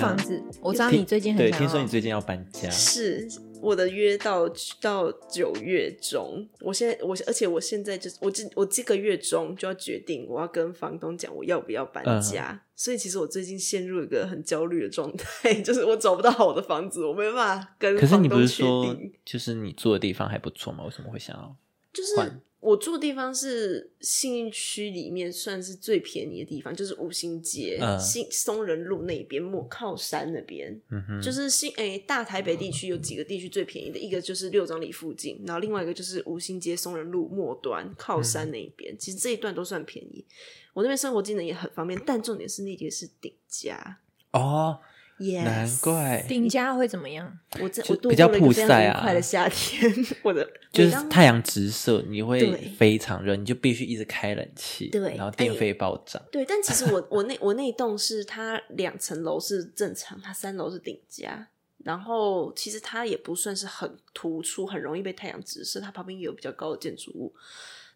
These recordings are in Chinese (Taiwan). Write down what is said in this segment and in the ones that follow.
房子，我知道你最近很對，聽說你最近要搬家。是，我的約到到九月中，我現在我，而且我現在就是、我這我這個月中就要決定，我要跟房東講我要不要搬家。嗯。所以其實我最近陷入一個很焦慮的狀態，就是我找不到好的房子，我沒辦法跟房東。可是你不是說，就是你住的地方還不錯嗎？為什麼會想要換？就是。我住的地方是信義區裡面算是最便宜的地方，就是吳興街，嗯、松仁路那邊末靠山那邊，嗯，就是新誒、欸、大台北地區有幾個地區最便宜的，一個就是六張犁附近，然後另外一個就是吳興街松仁路末端靠山那一邊，嗯，其實這一段都算便宜。我那邊生活機能也很方便，但重點是那間是頂加哦。難怪頂家會怎麼樣？我在我比較曝曬啊，快的夏天，啊、 我的就是太陽直射，你會非常熱，你就必須一直開冷氣，對，然後電費暴漲。哎、 對，但其實我我那我那一棟是它兩層樓是正常，它三樓是頂家，然後其實它也不算是很突出，很容易被太陽直射，它旁邊也有比較高的建築物，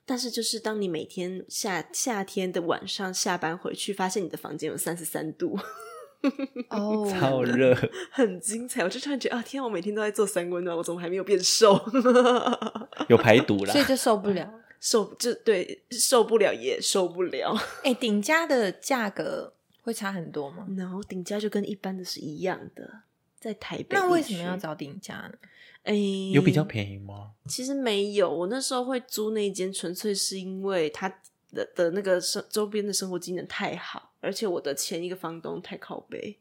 但是就是當你每天夏夏天的晚上下班回去，發現你的房間有三十三度。哦、oh,, 超熱，很精彩。我就突然覺得啊，天啊！我每天都在做三溫暖，我怎麼還沒有變瘦？ 有排毒啦，所以就受不了，嗯、受就對，受不了也受不了。哎、欸，頂加的價格會差很多嗎？然後頂加，就跟一般的是一樣的，在台北。那為什麼要找頂加呢？哎、欸，有比較便宜嗎？其實沒有。我那時候會租那一間，純粹是因為他的的那個生周邊的生活機能太好。而且我的前一個房東太靠北，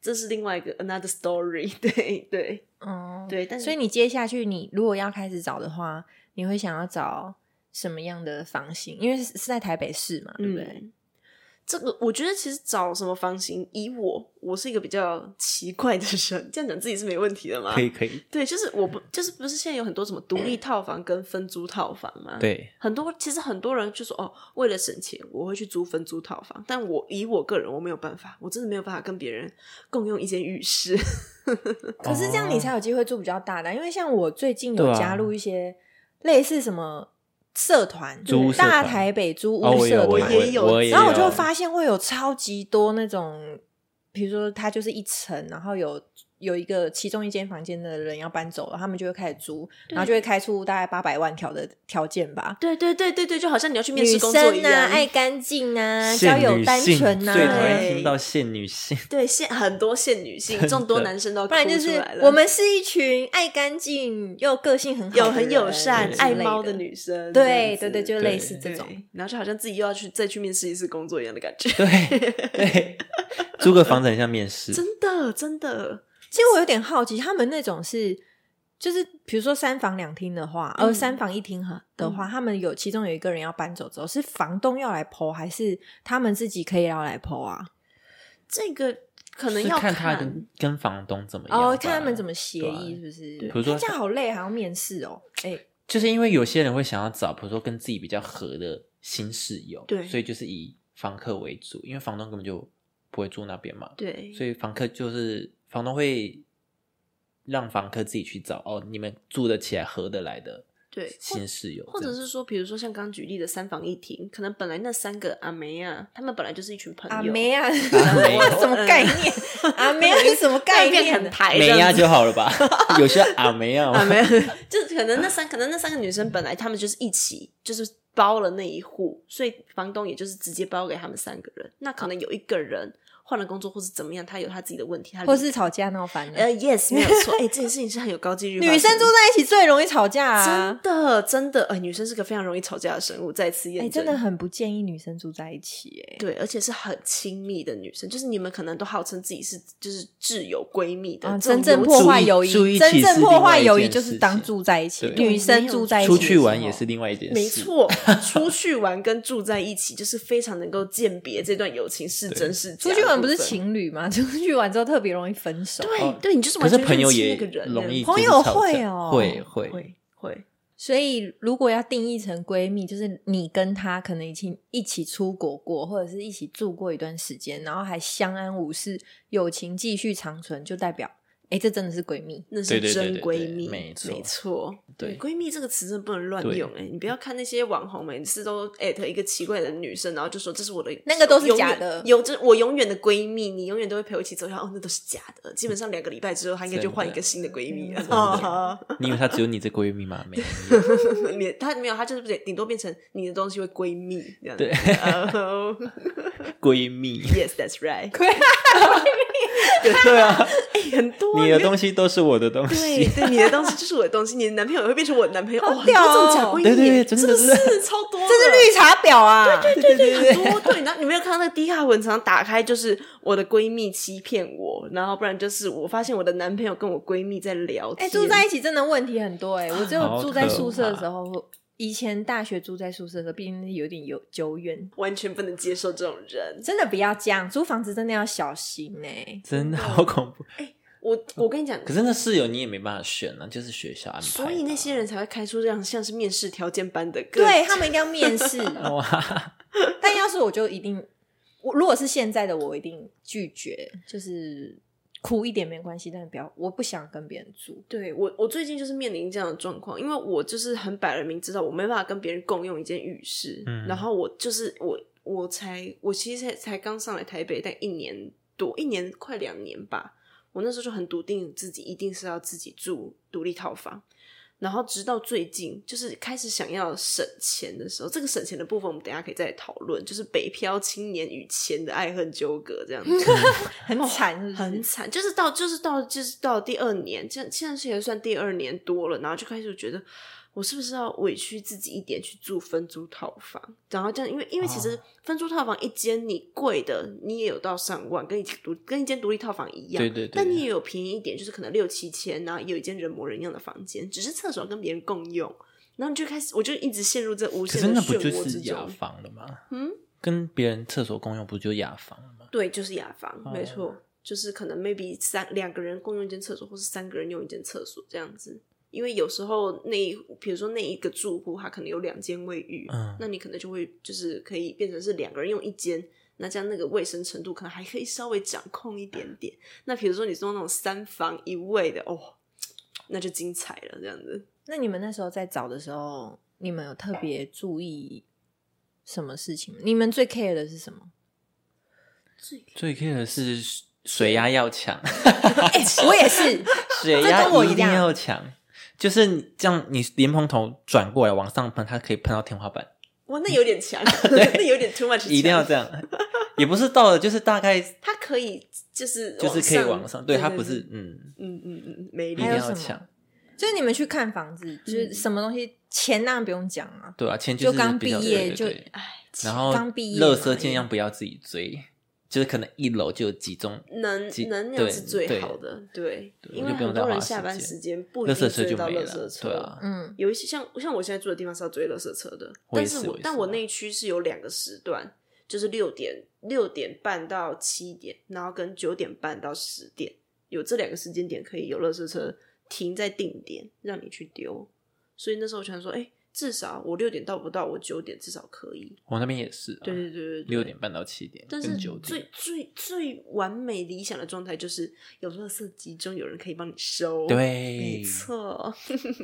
這是另外一個 another story 對。對、嗯、對，哦，對，但是。所以你接下去，你如果要開始找的話，你會想要找什麼樣的房型？因為是在台北市嘛，嗯、對不對？這個我覺得其實找什麼房型，以我我是一個比較奇怪的人，這樣講自己是沒問題的嗎？可以可以。對，就是我不就是不是現在有很多什麼獨立套房跟分租套房嗎？對，很多其實很多人就說哦，為了省錢，我會去租分租套房，但我以我個人，我沒有辦法，我真的沒有辦法跟別人共用一間浴室。 可是這樣你才有機會住比較大的，因為像我最近有加入一些類似什麼。社團，大台北租屋社團、哦、也，也，也有，然後我就發現會有超級多那種，比如說它就是一層，然後有。有一個其中一間房間的人要搬走了，他們就會開始租，然後就會開出大概八百萬條的條件吧。對對對對對，就好像你要去面試工作一樣，愛乾淨啊，交友單純啊，最討、啊、聽到限女性，對限很多限女性眾多男生都出來，不然就是我們是一群愛乾淨又個性很好、很友善、愛貓的女生。對對對，就類似這種，對對對，然後就好像自己又要去再去面試一次工作一樣的感覺。對、對 租個房子很像面試，真的真的。其實我有點好奇，他們那種是，就是比如說三房兩廳的話，呃、嗯，三房一廳的話，嗯，他們有其中有一個人要搬走之後，嗯，是房東要來 PO，還是他們自己可以要來 PO 啊？這個可能要看，看他跟跟房東怎麼樣，哦，看他們怎麼協議，是不是？比如說這樣好累，還要面試哦，哎，就是因為有些人會想要找，比如說跟自己比較合的新室友，對，所以就是以房客為主，因為房東根本就不會住那邊嘛，對，所以房客就是。房東會讓房客自己去找哦，你們住得起來、合得來的對新室友或，或者是說，比如說像剛舉例的三房一廳，可能本來那三個阿梅啊，啊，他們本來就是一群朋友，阿、啊、梅啊，什麼概念？阿梅啊你什麼概念？很台啊，啊就好了吧？有些阿梅啊，阿梅、啊啊啊、就是可能那三，可能那三個女生本來他們就是一起，嗯、就是包了那一戶，所以房東也就是直接包給他們三個人，那可能有一個人。啊換了工作或是怎麼樣，他有他自己的問題，她或是吵架鬧翻了。呃、uh,，yes，沒有錯，哎、欸，這件事情是很有高幾率。 女生住在一起最容易吵架啊，真的，真的，哎、欸，女生是個非常容易吵架的生物。再次驗證、欸，真的很不建議女生住在一起、欸，哎，對，而且是很親密的女生，就是你們可能都號稱自己是就是摯友閨蜜的、啊，真正破壞友誼，真正破壞友誼就是當住在一起，一起一女生住在一起，出去玩也是另外一件事，沒錯，出去玩跟住在一起就是非常能夠鑑別這段友情是真是假。不是情侶嗎？出、就是、去玩之後特別容易分手。對對，你就是完全那個人，可是朋友也容易，朋友會哦、喔，會會會，會。所以如果要定義成閨蜜，就是你跟她可能一起一起出國過，或者是一起住過一段時間，然後還相安無事，友情繼續長存，就代表。哎、欸，這真的是閨蜜，那是真閨蜜，對對對對沒錯。對，閨蜜這個詞真的不能亂用、欸。哎，你不要看那些網紅，每次都 at 一個奇怪的女生，然後就說這是我的，那個都是假的，永遠有這我永遠的閨蜜，你永遠都會陪我一起走下哦，那都是假的。基本上兩個禮拜之後，她應該就換一個新的閨蜜了。哦 你以為她只有你這閨蜜嗎？沒有，她 沒有，她就是不是頂多變成你的東西為閨蜜這樣子。閨、 uh -oh. 蜜，Yes，that's right。 對啊，哎、啊欸，很多、啊，你的東西都是我的東西，對 對，對，你的東西就是我的東西， 你的男朋友也會變成我的男朋友，哇，這種假婚對對對，真的這、就是真的超多，這是綠茶婊啊， 對，對對對對，很多， 對，對，對，對，然後 你，你沒有看到那個低卡文章，打開就是我的閨蜜欺騙我，然後不然就是我發現我的男朋友跟我閨蜜在聊天，哎、欸，住在一起真的問題很多、欸，哎，我只有住在宿舍的時候。以前大學住在宿舍的，畢竟有點有久遠，完全不能接受這種人。真的不要這樣，租房子真的要小心呢、欸。真的好恐怖！欸、我我，我跟你講，可是那室友你也沒辦法選啊，就是學校安排，所以那些人才會開出這樣像是面試條件般的。對，他們一定要面試。哇！ 但要是我就一定，如果是現在的我一定拒絕，就是。苦一點沒關係，但不要，我不想跟別人住。對我，我最近就是面臨這樣的狀況，因為我就是很擺了明，知道我沒辦法跟別人共用一間浴室，嗯。然後我就是我，我才我其實才才剛上來台北，但一年多，一年快兩年吧。我那時候就很篤定自己一定是要自己住獨立套房。然後直到最近，就是開始想要省錢的時候，這個省錢的部分我們等下可以再討論。就是北漂青年與錢的愛恨糾葛這樣子，嗯，很慘 很慘，很慘。就是到就是到就是到第二年，現現在是也算第二年多了，然後就開始就覺得。我是不是要委屈自己一點去住分租套房？然後這樣，因為因為其實分租套房一間你貴的，哦，你也有到上萬，跟一間獨跟一間獨立套房一樣。對對對。但你也有便宜一點，就是可能六七千，然後有一間人模人樣的房間，只是廁所跟別人共用。然後你就開始，我就一直陷入這無限的漩渦之中。可是那不就是雅房了嗎？嗯，跟別人廁所共用，不就雅房了嗎？對，就是雅房，哦、沒錯，就是可能 maybe 三兩個人共用一間廁所，或是三個人用一間廁所這樣子。因為有時候那一，比如說那一個住戶，他可能有兩間衛浴，嗯，那你可能就會就是可以變成是兩個人用一間，那這樣那個衛生程度可能還可以稍微掌控一點點。嗯、那比如說你說那種三房一衛的哦，那就精彩了這樣子。那你們那時候在找的時候，你們有特別注意什麼事情嗎？你們最 care 的是什麼？最 care, 最 care, 最 care 的是水壓要強 欸，我也是，水壓我一定要強。 就是你這樣，你蓮蓬頭轉過來往上噴，它可以噴到天花板。哇，那有點強， 對 那有點 too much。一定要這樣， 也不是到了，就是大概它可以就是往上就是可以往上，對，對，對，對，它不是，嗯嗯嗯嗯，沒一定要搶。就是你們去看房子，就是什麼東西，嗯、錢當然不用講啊，對啊，錢就剛畢業就哎，然後剛畢業，樂色儘量不要自己追。就是可能一樓就集中，能能量是最好的，對，對、對、對、對，因為很多人下班時間不一定追到。垃圾車，對。嗯、啊，有一些像像我現在住的地方是要追垃圾車的，但是我，我是但我那一區是有兩個時段，是啊，就是六點六點半到七點，然後跟九點半到十點，有這兩個時間點可以有垃圾車停在定點讓你去丟，所以那時候我常說，哎，欸。至少我六點到不到，我九點至少可以。我那邊也是，啊，對對對六點半到七點對對對，但是最點最最完美理想的狀態就是有垃圾集中，有人可以幫你收。對，沒錯。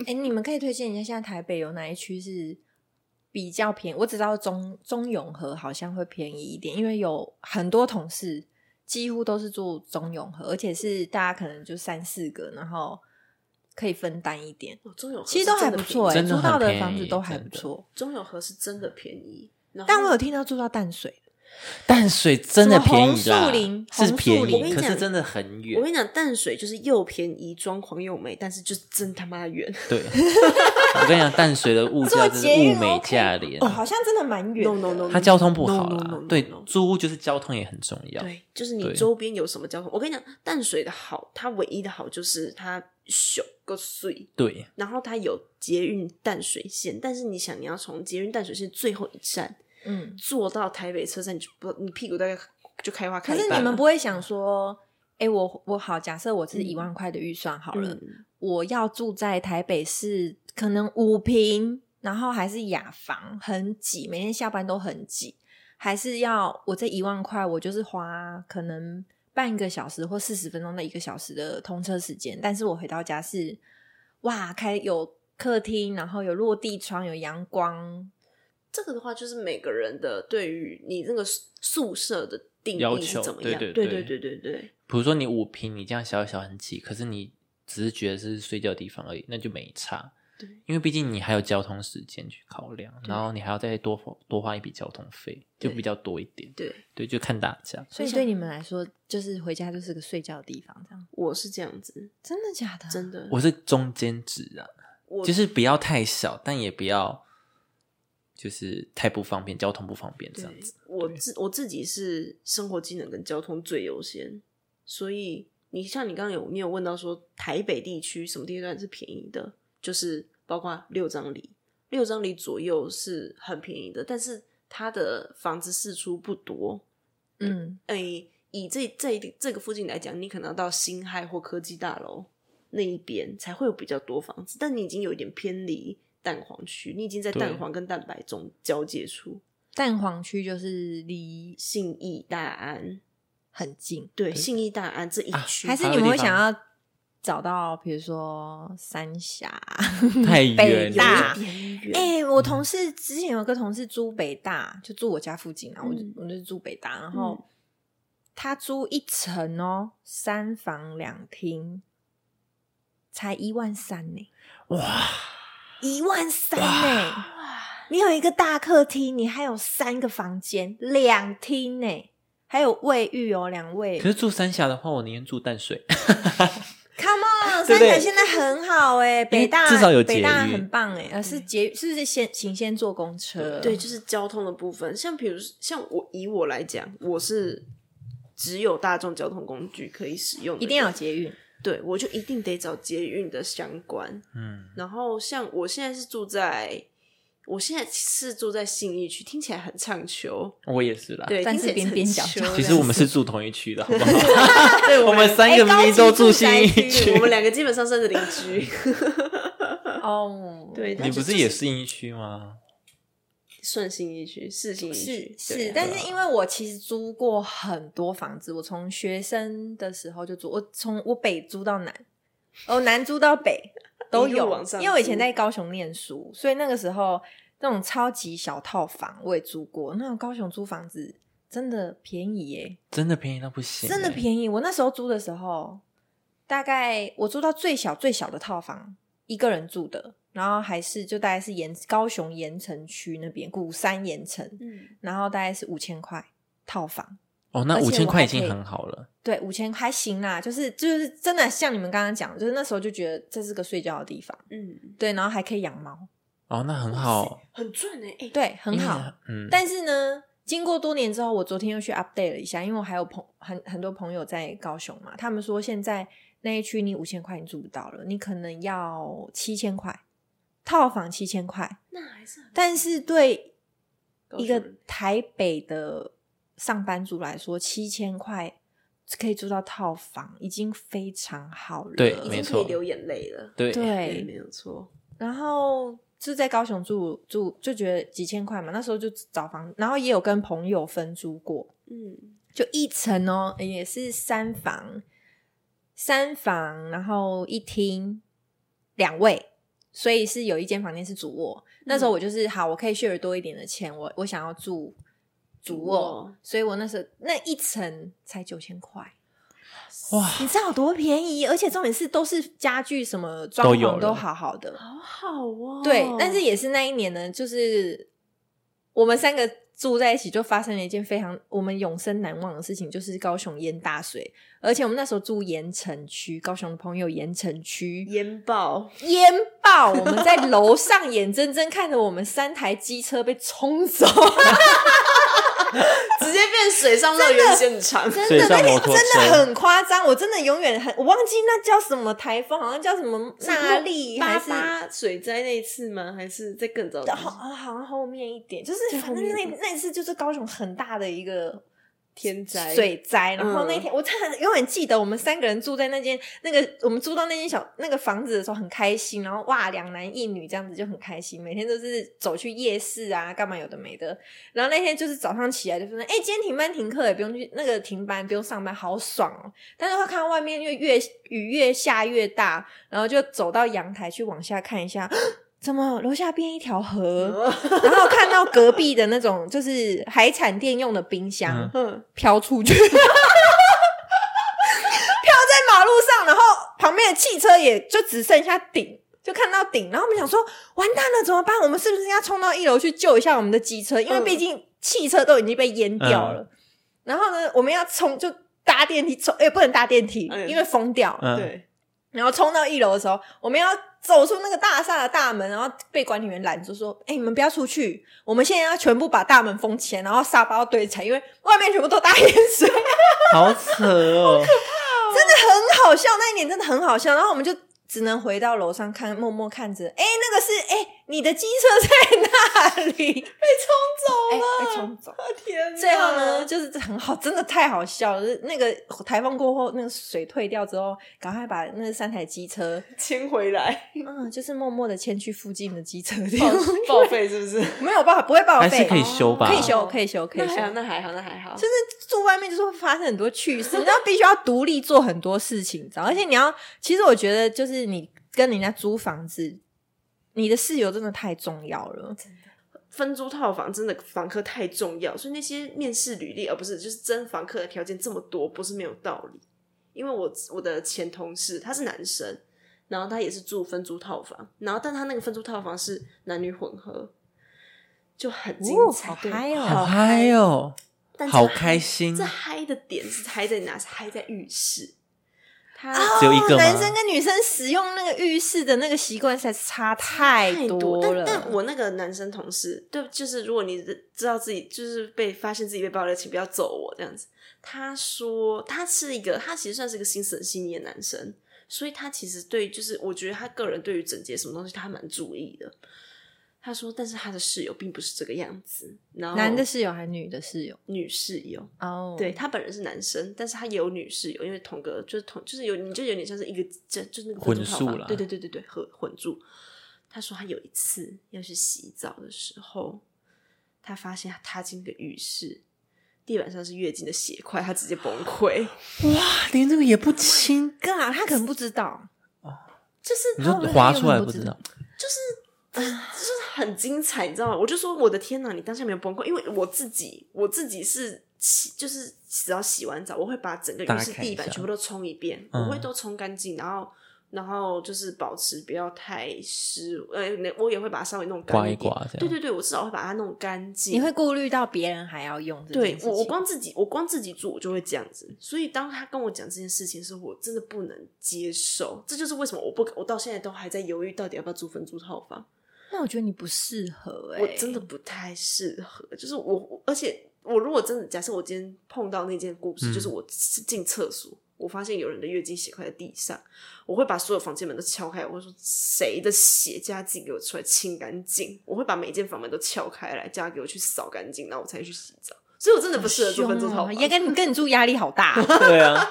哎、 欸，你們可以推薦一下，現在台北有哪一區是比較便宜？我只知道中中永和好像會便宜一點，因為有很多同事幾乎都是住中永和，而且是大家可能就三四個，然後。可以分擔一點哦，中永和其實都還不錯、欸，哎，租到的房子都還不錯。中永和是真的便宜，但我有聽到租到淡水。淡水真的便宜是紅樹林，是便宜紅樹林可是，可是真的很遠。我跟你講，淡水就是又便宜、裝潢又美，但是就是真他媽的遠。對， 我跟你講，淡水的物價是物美價廉。哦，好像真的蠻遠的 no, no, no, no, 它交通不好啦。No, no, no, no, no, no. 對，租屋就是交通也很重要。對，就是你周邊有什麼交通。我跟你講，淡水的好，它唯一的好就是它小個水。對，然後它有捷運淡水線，但是你想，你要從捷運淡水線最後一站。嗯，坐到台北車站就不，你屁股大概就開花開。可是你們不會想說，哎、欸，我我好，假設我這是一萬塊的預算好了、嗯，我要住在台北市可能五坪，然後還是雅房，很擠，每天下班都很擠，還是要我這一萬塊，我就是花可能半個小時或四十分鐘的一個小時的通車時間，但是我回到家是哇，開有客廳，然後有落地窗，有陽光。這個的話，就是每個人的對於你那個宿舍的定義是怎麼樣？對對對，對對對對對。比如說你五坪，你這樣小小很擠，可是你只是覺得是睡覺的地方而已，那就沒差。對，因為畢竟你還有交通時間去考量，然後你還要再多花多花一筆交通費，就比較多一點。對對，就看大家。所以對你們來說，就是回家就是個睡覺的地方，這樣。我是這樣子，真的假的？真的。我是中間值啊，我，就是不要太小，但也不要。就是太不方便，交通不方便這樣子。我自我自己是生活機能跟交通最優先，所以你像你剛剛有你有問到說，台北地區什麼地段是便宜的，就是包括六張犁、六張犁左右是很便宜的，但是它的房子釋出不多。嗯，哎、欸，以這這這個附近來講，你可能到辛亥或科技大樓那一邊才會有比較多房子，但你已經有點偏離，蛋黃區，你已經在蛋黃跟蛋白中交界處。蛋黃區就是離信義大安很近，對，對，信義大安這一區，啊，還是你們會想要找到，比如說三峽、太遠、北大。哎、欸，我同事、嗯、之前有個同事租北大，就住我家附近啊、嗯，我就我就是住北大，然後他租一層哦、喔，三房兩廳，才一萬三呢、欸，哇！一萬三呢？你有一個大客廳，你還有三個房間，兩廳呢，還有衛浴哦，兩位。可是住三峽的話，我寧願住淡水。 Come on，對對對三峽現在很好哎、欸，北大至少有捷運，北大很棒哎、欸。而、嗯、是捷運，是先請先坐公車。對，就是交通的部分。像比如像我以我來講，我是只有大眾交通工具可以使用的，一定要有捷運。對，我就一定得找捷運的相關。嗯，然後像我現在是住在，我現在是住在信義區，聽起來很暢秋。我也是啦，對，聽起來很暢秋。其實我們是住同一區的，好不好？對，我們、欸、三個都住信義區，區 我們兩個基本上算是鄰居。哦、 oh.，對、就是，你不是也是信義區嗎？順心一去，事情一去是，是，但是因為我其實租過很多房子，我從學生的時候就租，我從我北租到南，哦南租到北都有， 因為我以前在高雄念書，所以那個時候那種超級小套房我也租過，那種高雄租房子真的便宜耶，真的便宜到、欸、不行、欸，真的便宜，我那時候租的時候，大概我租到最小最小的套房，一個人住的。然後還是就大概是鹽高雄鹽埕區那邊鼓山鹽埕，嗯，然後大概是五千塊套房。哦，那五千塊已經很好了。對，五千還行啦，就是就是真的像你們剛剛講的，就是那時候就覺得這是個睡覺的地方，嗯，對，然後還可以養貓。哦，那很好，很賺哎，對，很好。嗯。但是呢，經過多年之後，我昨天又去 update 了一下，因為我還有朋很很多朋友在高雄嘛，他們說現在那一區你五千塊你租不到了，你可能要七千塊。套房七千塊，那還是很，但是對一個台北的上班族來說，七千塊可以租到套房，已經非常好了。對，沒錯，已經可以流眼淚了。對、對、對，沒有錯。然後就在高雄住住，就覺得幾千塊嘛，那時候就找房，然後也有跟朋友分租過。嗯，就一層哦、喔，也是三房、嗯，三房，然後一廳，兩衛。所以是有一間房間是主臥，那時候我就是好，我可以 share 多一點的錢，我我想要住主臥、主臥，所以我那時候那一層才九千塊，哇，你知道有多便宜？而且重點是都是家具什麼裝潢都好好的，好好哦。對，但是也是那一年呢，就是我們三個。住在一起就發生了一件非常我們永生難忘的事情，就是高雄淹大水，而且我們那時候住鹽城區，高雄的朋友鹽城區，淹爆，淹爆，我們在樓上眼睜睜看着我們三台機車被沖走。 直接變水上樂園現場，真的那真的很誇張。我真的永遠很，我忘記那叫什麼颱風，好像叫什麼哪裡，是那裡還是巴巴水災那一次嗎？還是在更早？好好像後面一點，就是反正那那次就是高雄很大的一個，天災水災，然後那天、嗯、我真的永遠記得，我們三個人住在那間那個我們租到那間小那個房子的時候很開心。然後哇，兩男一女這樣子就很開心，每天都是走去夜市啊，幹嘛有的沒的。然後那天就是早上起來就說：“誒、欸、今天停班停課，也不用去那個停班，不用上班，好爽哦、喔！”但是，他看到外面越越雨越下越大，然後就走到陽台去往下看一下。怎麼樓下變一條河， 然後看到隔壁的那種就是海產店用的冰箱飄、嗯、出去，飄 在馬路上，然後旁邊的汽車也就只剩下頂，就看到頂，然後我們想說完蛋了怎麼辦？我們是不是應該衝到一樓去救一下我們的機車、嗯？因為畢竟汽車都已經被淹掉了。嗯、然後呢，我們要衝就搭電梯，衝也、欸、不能搭電梯，嗯、因為封掉了、嗯。對。然後衝到一樓的時候，我們要走出那個大廈的大門，然後被管理員攔住說：“哎、欸，你們不要出去！我們現在要全部把大門封起來，然後沙包堆起來，因為外面全部都大淹水。 ”好扯哦！好可怕哦！真的很好笑，那一年真的很好笑。然後我們就。只能回到樓上看，默默看着，哎、欸，那個是哎、欸，你的機車在那裡被沖走了、欸，被沖走。天哪！最後呢，就是很好，真的太好笑了。就是、那個颱風過後，那個水退掉之後，趕快把那三台機車牽回來。嗯，就是默默的牽去附近的機車店報，報廢，是不是？沒有辦法，不會報廢，還是可以修吧？可以修，可以修，可以修。那還好、啊，那還好，那還好，就是。外面就是會發生很多趣事， 你知道，必須要獨立做很多事情，知道？而且你要，其實我覺得，就是你跟人家租房子，你的室友真的太重要了。分租套房真的房客太重要，所以那些面試履歷，而、哦、不是就是真房客的條件這麼多，不是沒有道理。因為我我的前同事他是男生，然後他也是住分租套房，然後但他那個分租套房是男女混合，就很精彩，哦哦、好嗨哦，好嗨哦。好開心！這嗨的點是嗨在哪？是嗨在浴室。他、哦、只有一個嗎？男生跟女生使用那個浴室的那個習慣才是差太多了太多，但。但我那個男生同事，對，就是如果你知道自己就是被發現自己被爆了，請不要揍我這樣子。他說他是一個，他其實算是一個心思很細膩的男生，所以他其實對，就是我覺得他個人對於整潔什麼東西，他還蠻注意的。他說：“但是他的室友並不是這個樣子。男的室友還是女的室友？女室友哦。Oh. 對，他本人是男生，但是他也有女室友，因為同個就是同就是有你就有點像是一個就，就是、那個混住了。對對對對對，混混住。他說他有一次要去洗澡的時候，他發現他踏進個浴室，地板上是月經的血塊，他直接崩潰。哇，連這個也不清啊！他可能不知道、哦、就是他說劃出來不知道，就是。” 呃、就是很精彩，你知道嗎？我就說我的天哪，你當下沒有崩潰，因為我自己，我自己是洗，就是只要洗完澡，我會把整個浴室地板全部都沖一遍一，嗯，我會都沖乾淨，然後，然後就是保持不要太濕，呃，我也會把它稍微弄乾淨，對對對，我至少會把它弄乾淨。你會顧慮到別人還要用？對，我光自己，我光自己住，我就會這樣子。所以當他跟我講這件事情的時候，我真的不能接受，這就是為什麼我不，我到現在都還在猶豫，到底要不要租分租套房。那我覺得你不適合、欸，誒我真的不太適合。就是我，而且我如果真的假設我今天碰到那件故事，嗯、就是我進廁所，我發現有人的月經血塊在地上，我會把所有房間門都敲開，我會說誰的血，叫他自己給我出來清乾淨。我會把每間房門都敲開來，叫他給我去掃乾淨，然後我才去洗澡。所以，我真的不適合做分頭，也跟你跟你住壓力好大、啊。 對啊，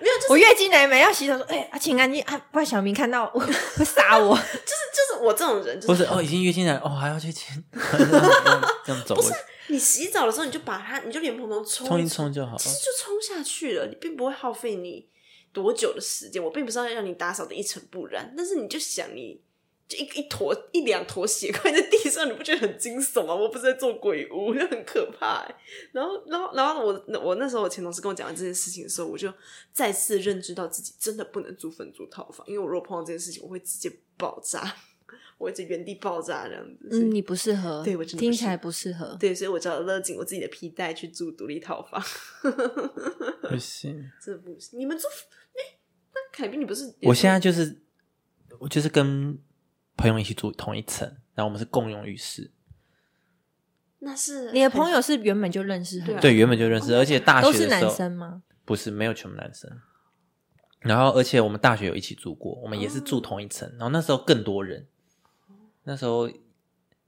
沒有、就是，我月經來沒要洗澡說，說哎，啊，清乾淨啊，不然小明看到會殺我。我我 就是就是我這種人，就是、不是哦，已經月經來哦，還要去清， 這，樣這，樣這樣走。 不是你洗澡的時候你，你就把它，你就臉盆都沖，沖一沖就好。其實就沖下去了，你並不會耗費你多久的時間。我並不是要讓你打掃的一塵不染，但是你就想你。就一一坨一兩坨血，塊在地上，你不覺得很驚悚嗎？我不是在做鬼屋，就很可怕，欸。然後，然後，然後我我那時候我前同事跟我講完這件事情的時候，我就再次認知到自己真的不能租分租套房，因為我如果碰到這件事情，我會直接爆炸，我會直接原地爆炸這樣子。嗯，你不適合，對我真的聽起來不適合，對，所以我就勒緊我自己的皮帶去租獨立套房。 不行，這不行。你們住欸，那 KB，你不是？我現在就是我，我就是跟。朋友一起住同一層，然後我們是共用浴室。那是，是你的朋友是原本就認識對？啊，對，原本就認識，而且大學都是男生嗎？不是，沒有全部男生。然後，而且我們大學有一起住過，我們也是住同一層。哦，然後那時候更多人，那時候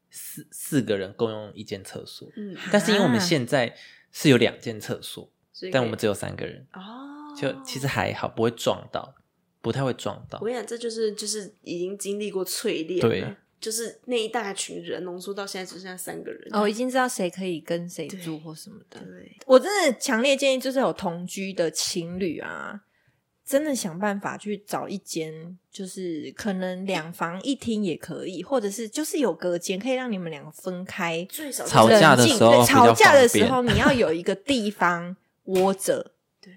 四四個人共用一間廁所。嗯、啊，但是因為我們現在是有兩間廁所，所以可以，但我們只有三個人，哦，就其實還好，不會撞到。不太會撞到。我跟你講，這就是就是已經經歷過淬煉對、啊、就是那一大群人濃縮到現在只剩下三個人。哦、oh,，已經知道誰可以跟誰住或什麼的。對，對我真的強烈建議，就是有同居的情侶啊，真的想辦法去找一間，就是可能兩房一廳也可以，或者是就是有隔間可以讓你們兩個分開最少。吵架的時候，吵架的時候你要有一個地方窩着， 對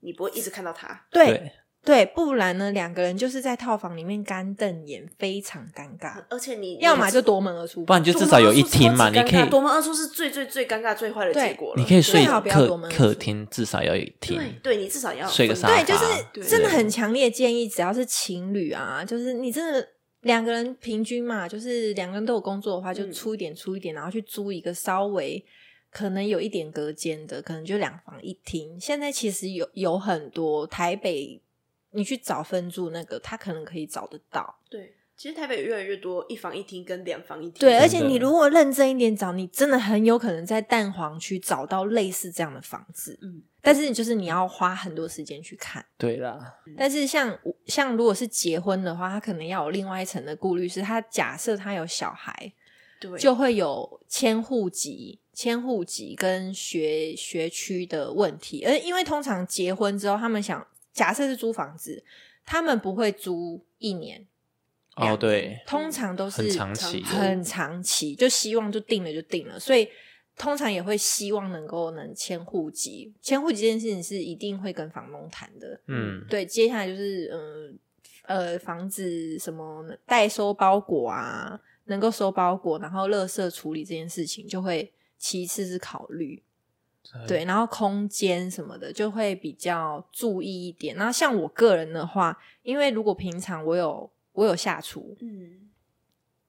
你不會一直看到他。對。對對，不然呢？兩個人就是在套房裡面乾瞪眼，非常尷尬。而且你，你要麼就奪門而出，不然就至少有一廳嘛。你可以奪門而出，是最最最尷尬、最壞的結果。你可以睡客客廳，至少有一廳。對，對你至少要睡個沙發。對，就是真的很強烈建議，只要是情侶啊，就是你真的兩個人平均嘛，就是兩個人都有工作的話，就出一點，出一點，然後去租一個稍微可能有一點隔間的，可能就兩房一廳。現在其實有有很多台北。你去找分住那個，他可能可以找得到。對，其實台北越來越多一房一廳跟兩房一廳。對，而且你如果認真一點找，你真的很有可能在蛋黃區找到類似這樣的房子。嗯，但是就是你要花很多時間去看。對啦，但是像像如果是結婚的話，他可能要有另外一層的顧慮是，是他假設他有小孩，對，就會有遷戶籍、遷戶籍跟學學區的問題。而因為通常結婚之後，他們想。.假設是租房子，他們不會租一年、兩年，哦，對，通常都是很、很長期，很長期，就希望就定了，就定了。所以通常也會希望能夠能遷戶籍，遷戶籍這件事情是一定會跟房東談的。嗯，對，接下來就是嗯呃、呃房子什麼代收包裹啊，能夠收包裹，然後垃圾處理這件事情就會其次是考慮。對，然後空間什麼的就會比較注意一點。那像我個人的話，因為如果平常我有我有下廚，嗯，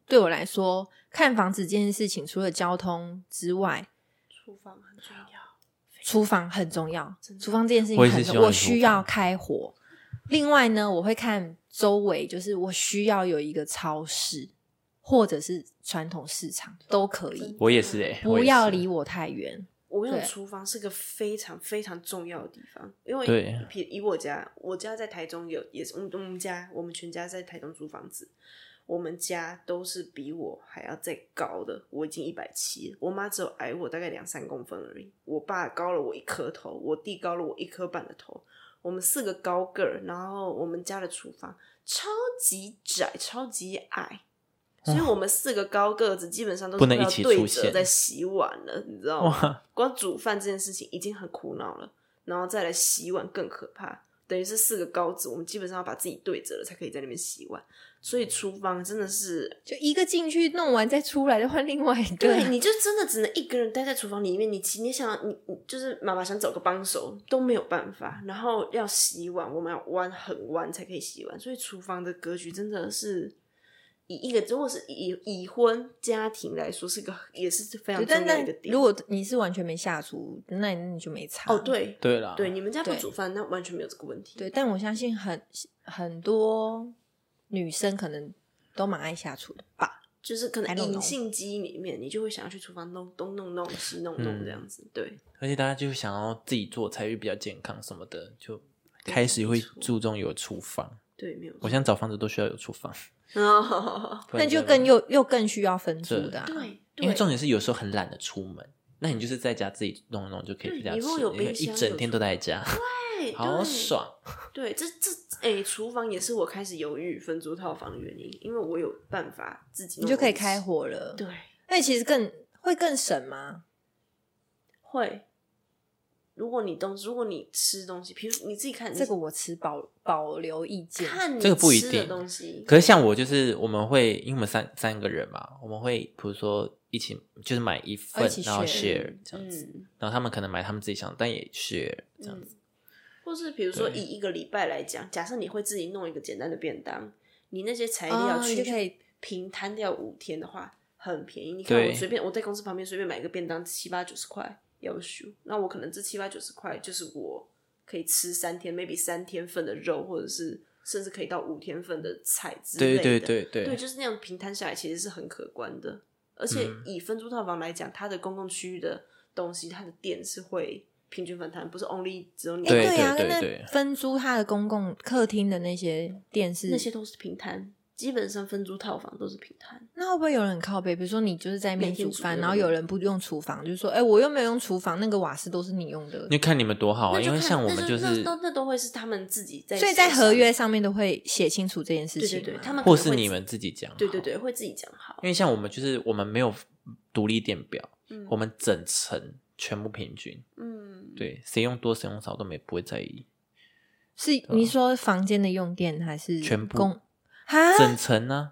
對我來說看房子這件事情除了交通之外，廚房很重要，廚房很重要，廚房，廚房這件事情很重要。我，我需要開火。另外呢，我會看周圍，就是我需要有一個超市或者是傳統市場都可以。我也是哎，不要離我太遠。我跟你講，廚房是個非常非常重要的地方，對，因為以以我家，我家在台中有也是，我們我們家我們全家在台中租房子，我們家都是比我還要再高的，我已經一百七，我媽只有矮我大概兩三公分而已，我爸高了我一顆頭，我弟高了我一顆半的頭，我們四個高個兒，然後我們家的廚房超級窄，超級矮。所以我們四個高個子基本上都是要對折在洗碗了，你知道嗎？光煮飯這件事情已經很苦惱了，然後再來洗碗更可怕。等於是四個高子，我們基本上要把自己對折了才可以在那邊洗碗。所以廚房真的是，就一個進去弄完再出來的話，換另外一個。對，你就真的只能一個人待在廚房裡面。你想你想你就是媽媽想找個幫手都沒有辦法。然後要洗碗，我們要彎很彎才可以洗碗。所以廚房的格局真的是。以一個如果是以已婚家庭來說是一，是個也是非常重要但那，的一個點。對。如果你是完全沒下廚，那你就沒差。哦，對，對啦。對，你們家不煮飯，那完全沒有這個問題。對，但我相信很很多女生可能都蠻愛下廚的吧，就是可能隱性基因裡面，你就會想要去廚房弄東弄弄西弄弄，弄這樣子、嗯。對，而且大家就想要自己做才會比較健康什麼的，就開始會注重有廚房。對，沒有。我想找房子都需要有廚房，那、哦、就更又又更需要分租的、啊對。對，因為重點是有時候很懶得出門，那你就是在家自己弄一弄就可以。以後有沒有一整天都在家，對，對好爽。對，這這哎，廚房也是我開始猶豫分租套房的原因，因為我有辦法自己，你就可以開火了。對，那其實更會更省嗎？會。如果你東西，如果你吃東西，比如你自己看，這個我持保保留意見，看你吃的。這個不一定。東西，可是像我就是，我們會因為我們三三個人嘛，我們會比如說一起就是買一份，哦一，然後 share 這樣子，嗯，然後他們可能買他們自己想，但也 share 這樣子。嗯、或是比如說以一個禮拜來講，假設你會自己弄一個簡單的便當，你那些材料去、哦、可以平攤掉五天的話，很便宜。你看我隨便我在公司旁邊隨便買一個便當，七八九十塊，要求，那我可能這七八九十塊就是我可以吃三天，maybe 三天份的肉，或者是甚至可以到五天份的菜之類的。對對對對，對，就是那樣平攤下來，其實是很可觀的。而且以分租套房來講，它的公共區域的東西，它的電是會平均分攤，不是 only 只有你。對呀，對對，對啊，跟那分租它的公共客廳的那些電視，那些都是平攤。基本上分租套房都是平攤，那會不會有人靠北？比如說你就是在面煮飯，煮飯，然後有人不用廚房，嗯、就說：“哎、欸，我又沒有用廚房，那個瓦斯都是你用的。”你看你們多好，啊，因為像我們就是那就那，那，都那都會是他們自己在試試，所以在合約上面都會寫清楚這件事情。對對對，他們會或是你們自己講。對對對，會自己講好。因為像我們就是我們沒有獨立電表，嗯、我們整層全部平均。嗯，對，誰用多誰用少都沒不會在意。是你說房間的用電還是全部？整層呢、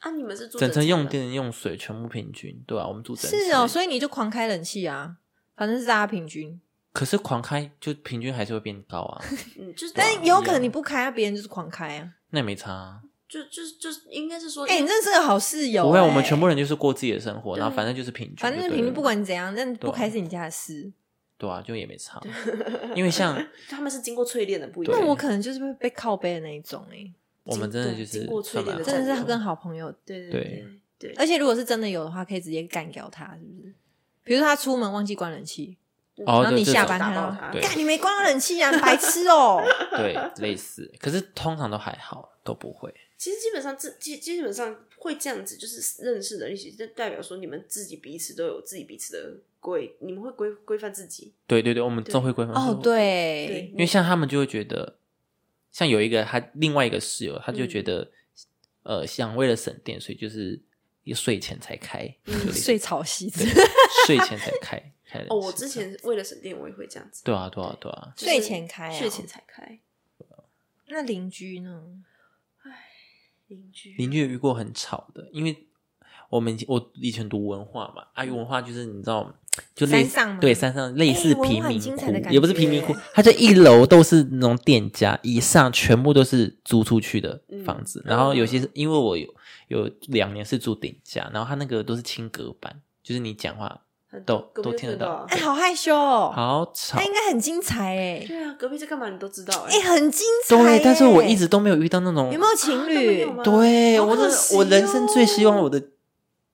啊？啊，你們是整層用電用水全部平均，對啊，我們住整層是哦，所以你就狂開冷氣啊，反正是大家平均。可是狂開就平均還是會變高啊。嗯 啊，就但是有可能你不開啊，別人就是狂開啊，那也沒差。啊。就就就，就應該是說，哎、欸，你認識個好室友、欸，不會、啊，我們全部人就是過自己的生活，然後反正就是平均，反正平均不管你怎樣，那不開是你家的事，對，對啊，就也沒差， 因為像 他們是經過淬煉的，不一樣。那我可能就是被靠背的那一種哎、欸。我們真的就是真的是跟好朋友對，對對對，而且如果是真的有的話，可以直接幹掉他，是不是？比如說他出門忘記關冷氣，嗯，然後你下班看到他，幹你沒關到冷氣啊， 白痴哦，喔。對，類似，可是通常都還好，都不會。其實基本上基基本上會這樣子，就是認識的一些，就代表說你們自己彼此都有自己彼此的規，你們會規規範自己。對對對，我們都會規範。哦，對，因為像他們就會覺得。.像有一個他另外一個室友，他就覺得，呃，像為了省電，所以就是一睡前、嗯、睡，睡前才開，睡草蓆子，睡前才開。哦，我之前為了省電，我也會這樣子。對啊，對啊，對啊，睡前開，睡前才開。啊、那鄰居呢？哎，鄰居鄰居遇過很吵的，因為。我們我以前讀文化嘛，阿渝，文化就是你知道，就類似對山上，對山上類似貧民窟，欸、的感覺也不是貧民窟，欸、它這一樓都是那種店家，以上全部都是租出去的房子。嗯、然後有些是、嗯、因為我有有兩年是住頂加，然後它那個都是輕隔板，就是你講話都都聽得到。哎、欸，好害羞、哦，好吵，它應該很精彩誒、欸、對啊，隔壁在幹嘛你都知道哎、欸欸，很精彩、欸。對，但是我一直都沒有遇到那種有沒有情侶？啊、對，我的、哦、我人生最希望我的。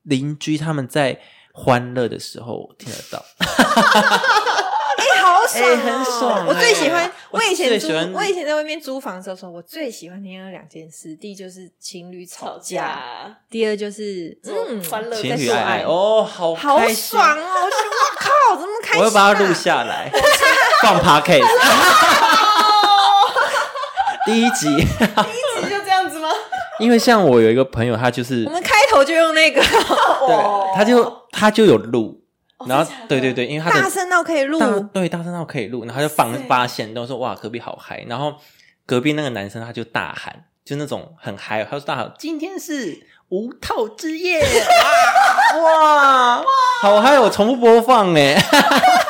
鄰居他們在歡樂的時候聽得到 ，哎、 欸，好爽、喔欸，很爽、欸我。我最喜歡，我以前租我以前在外面租房的時候說，我最喜歡聽到兩件事：第一就是情侶吵架、喔，第二就是嗯，歡樂在秀愛，愛唉唉。哦，好，好爽哦、喔！哇 靠，怎麼開心、啊，我會把它錄下來 放 podcast 第一集， 第一集就這樣子嗎？ 因為像我有一個朋友，他就是。我就用那個 對，對、哦，他就他就有錄、哦，然後對對對，因為他大聲到可以錄，對，大聲到可以錄，然後他就放八仙，都說哇，隔壁好嗨，然後隔壁那個男生他就大喊，就那種很嗨，他說大喊今天是無套之夜， 啊、哇哇，好嗨，我從不播放哎、欸。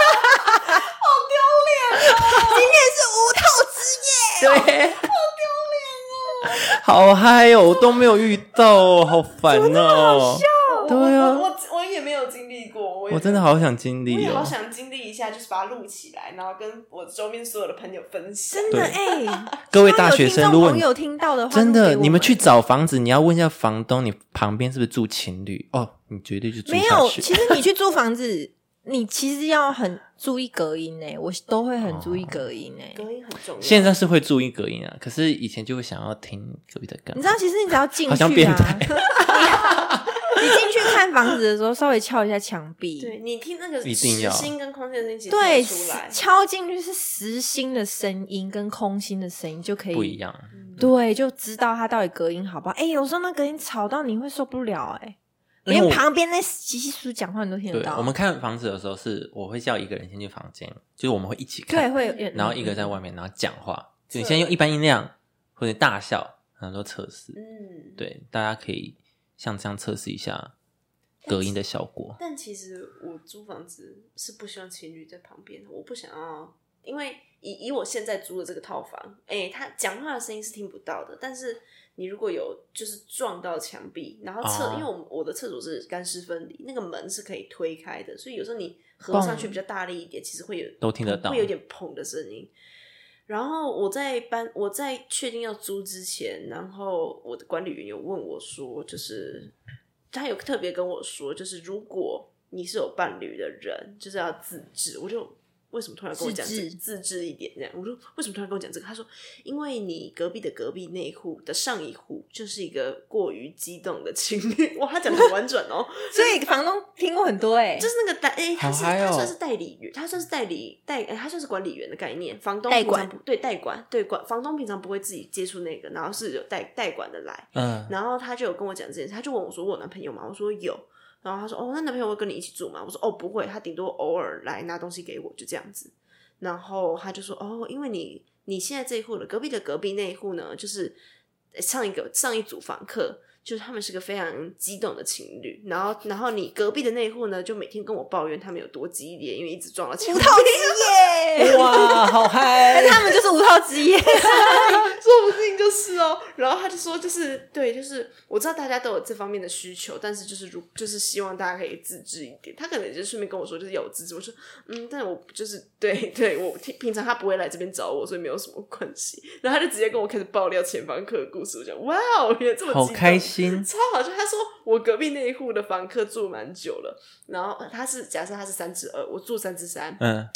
好嗨哦！我都沒有遇到好煩哦！怎麼這麼好笑？對啊我我，我也沒有經歷過我。我真的好想經歷、哦，我好想經歷一下，就是把它錄起來，然後跟我周邊所有的朋友分享。真的哎， 各位大學生如果朋友聽，聽到的話，真的，你們去找房子，你要問一下房東，你旁邊是不是住情侶？哦、oh，你絕對是住情侶。沒有。其實你去租房子。 你其實要很注意隔音哎，我都會很注意隔音哎、哦，隔音很重要。現在是會注意隔音啊，可是以前就會想要聽隔壁的感覺。你知道，其實你只要進去、啊，好像變態， 對啊、 你進去看房子的時候，稍微敲一下牆壁，對，你聽那個實心跟空的那心的聲音，對，敲進去是實心的聲音跟空心的聲音就可以不一樣，嗯，對，就知道它到底隔音好不好。哎、欸，有時候那隔音吵到你會受不了哎、欸。連旁邊那叔叔講話，你都聽得到啊。我們看房子的時候是，是我會叫一個人先去房間，就是我們會一起看，對，會，然後一個在外面，然後講話，就你先用一般音量或者大小，然後都測試。嗯，對，大家可以像這樣測試一下隔音的效果。但，但其實我租房子是不希望情侶在旁邊的，我不想要，因為以以我現在租的這個套房，哎，他講話的聲音是聽不到的，但是。你如果有就是撞到牆壁，然後廁、啊，因為我我的廁所是乾濕分離，那個門是可以推開的，所以有時候你合上去比較大力一點，其實會有都聽得到，會有點砰的聲音。然後我在搬，我在確定要租之前，然後我的管理員有問我說，就是他有特別跟我說，就是如果你是有伴侶的人，就是要自制，我就。為什麼突然跟我講、這個、自制，自制一點這樣。我說為什麼突然跟我講這個？他說因為你隔壁的隔壁那戶的上一戶就是一個過於激動的情侶，哇，他講的很完整哦。 所以房東聽過很多哎、欸，就是那個代、欸、他是他算是代理，他算是代理代、欸，他算是管理員的概念。房東管，對代管，對代管，對，房東平常不會自己接觸那個，然後是有代代管的來。嗯，然後他就有跟我講這件事，他就問我說我有男朋友嗎？我說有。然後他說：“哦，那男朋友會跟你一起住嗎？”我說：“哦，不會，他頂多偶爾來拿東西給我，就這樣子。”然後他就說：“哦，因為你你現在這一戶的隔壁的隔壁那一戶呢，就是上一個上一組房客。”就是他們是個非常激動的情侶，然後然後你隔壁的那戶呢，就每天跟我抱怨他們有多激烈，因為一直撞到前面。無套之夜！ 哇，好嗨！但他們就是無套之夜， 說不定就是哦。 然後他就說，就是對，就是我知道大家都有這方面的需求，但是就是如、就是、就是希望大家可以自制一點。他可能也就順便跟我說，就是有自制。我說嗯，但我就是對對，我平平常他不會來這邊找我，所以沒有什麼關係。然後他就直接跟我開始爆料前房客的故事。我講哇，原來這麼激烈。好開心。超好，就他說我隔壁那一戶的房客住蠻久了，然後他是假設他是三之二，我住三之三，嗯。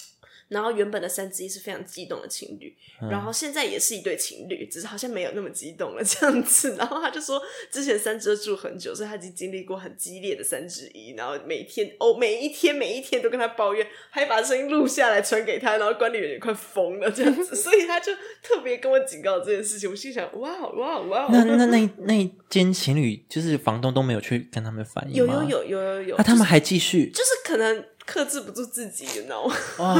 然後原本的三之一是非常激動的情侶，嗯，然後現在也是一對情侶，只是好像沒有那麼激動了這樣子。然後他就說，之前三之一住很久，所以他已經經歷過很激烈的三之一，然後每天哦，每一天每一天都跟他抱怨，還把聲音錄下來傳給他，然後管理員也快瘋了這樣子。 所以他就特別跟我警告這件事情。我心想，哇哇哇！那那那那一間情侶就是房東都沒有去跟他們反映，有有有有有有，有，那，啊、他們還繼續，就是可能。克制不住自己，你知道嗎？ 哇，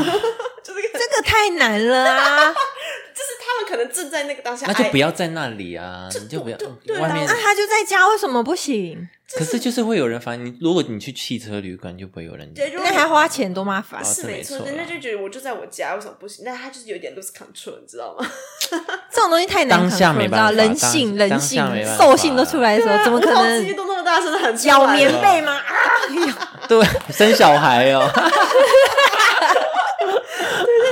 這個太難了啊！ 就是他們可能正在那個當下，那就不要在那裡啊，你、啊、就，就不要就對對外面。那、啊、他就在家，為什麼不行？可是就是會有人發現你，如果你去汽車旅館，就不會有人。那還花錢多麻煩。啊、是沒錯，人家就覺得我就在我家，為什麼不行？那他就是有一點都是 control，你知道嗎？這種東西太難 control, 當道當，當下沒辦法，人性、人性、獸性都出來的時候，啊、怎麼可能？都那麼大很咬棉被嗎？被嗎啊、對， 生小孩哦。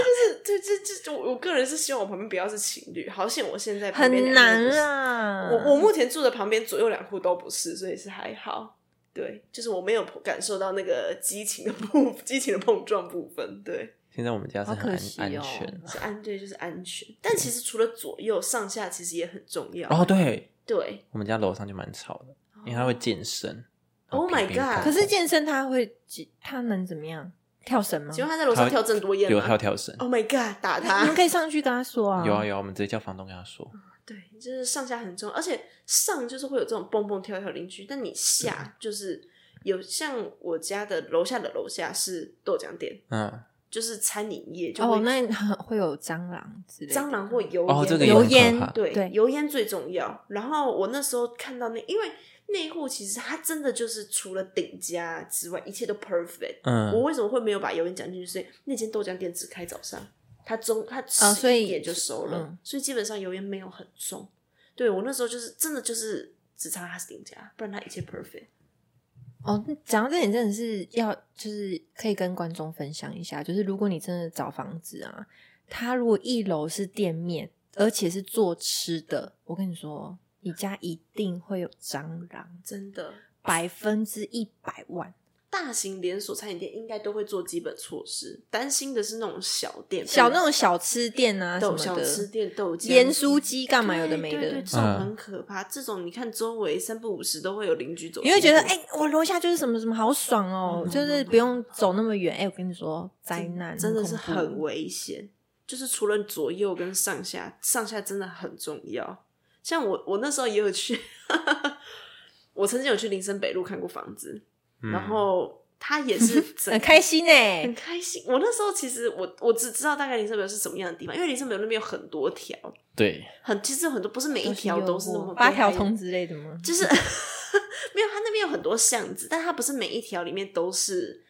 這這我，我個人是希望我旁邊不要是情侶，好險我現在旁邊、就是、很難啊！我我目前住的旁邊左右兩戶都不是，所以是還好。對，就是我沒有感受到那個激情的碰激情的碰撞部分。對，現在我們家是很安、哦、安全，是安對，就是安全。嗯、但其實除了左右上下，其實也很重要、啊。哦，對對，我們家樓上就蠻吵的，因為他會健身。Oh my god！可是健身他會，他能怎麼樣？跳繩嗎？請問他在樓上跳這麼多煙，他有他跳繩？Oh my god！打他，你們可以上去跟他說啊。有啊有，啊，我們直接叫房東跟他說。嗯，對，就是上下很重，而且上就是會有這種蹦蹦跳跳鄰居，但你下就是有像我家的樓下的樓下是豆漿店，嗯，就是餐飲業就，就、哦、那會有蟑螂之類，蟑螂或油煙、哦這個，油煙對對，油煙最重要。然後我那時候看到那因為。那戶其實他真的就是除了頂家之外，一切都 perfect。嗯，我為什麼會沒有把油煙講進去？是因為那間豆漿店只開早上，它中它十一點就收了，哦所，所以基本上油煙沒有很重。嗯、對我那時候就是真的就是只差他是頂家，不然它一切 perfect。哦，講到這點真的是要，就是可以跟觀眾分享一下，就是如果你真的找房子啊，它如果一樓是店面，而且是做吃的，我跟你說。你家一定會有蟑螂，真的百分之一百萬。大型連鎖餐飲店應該都會做基本措施，擔心的是那種小店，小、嗯、那種小吃店啊，什麼的小吃店都有鹽酥雞幹嘛有的沒的對對對對，這種很可怕。嗯、這種你看周圍三不五時都會有鄰居走，你會覺得哎、欸，我樓下就是什麼什麼，好爽哦、嗯，就是不用走那麼遠。哎、欸，我跟你說，災、嗯、難真的是很危險，就是除了左右跟上下，上下真的很重要。像我，我那時候也有去，哈哈哈，我曾經有去林森北路看過房子，嗯、然後他也是很開心哎、欸，很開心。我那時候其實我我只知道大概林森北路是什麼樣的地方，因為林森北路那邊有很多條，對，很其實很多不是每一條都是那麼是八條通之類的嗎？就是 沒有，它那邊有很多巷子，但它不是每一條裡面都是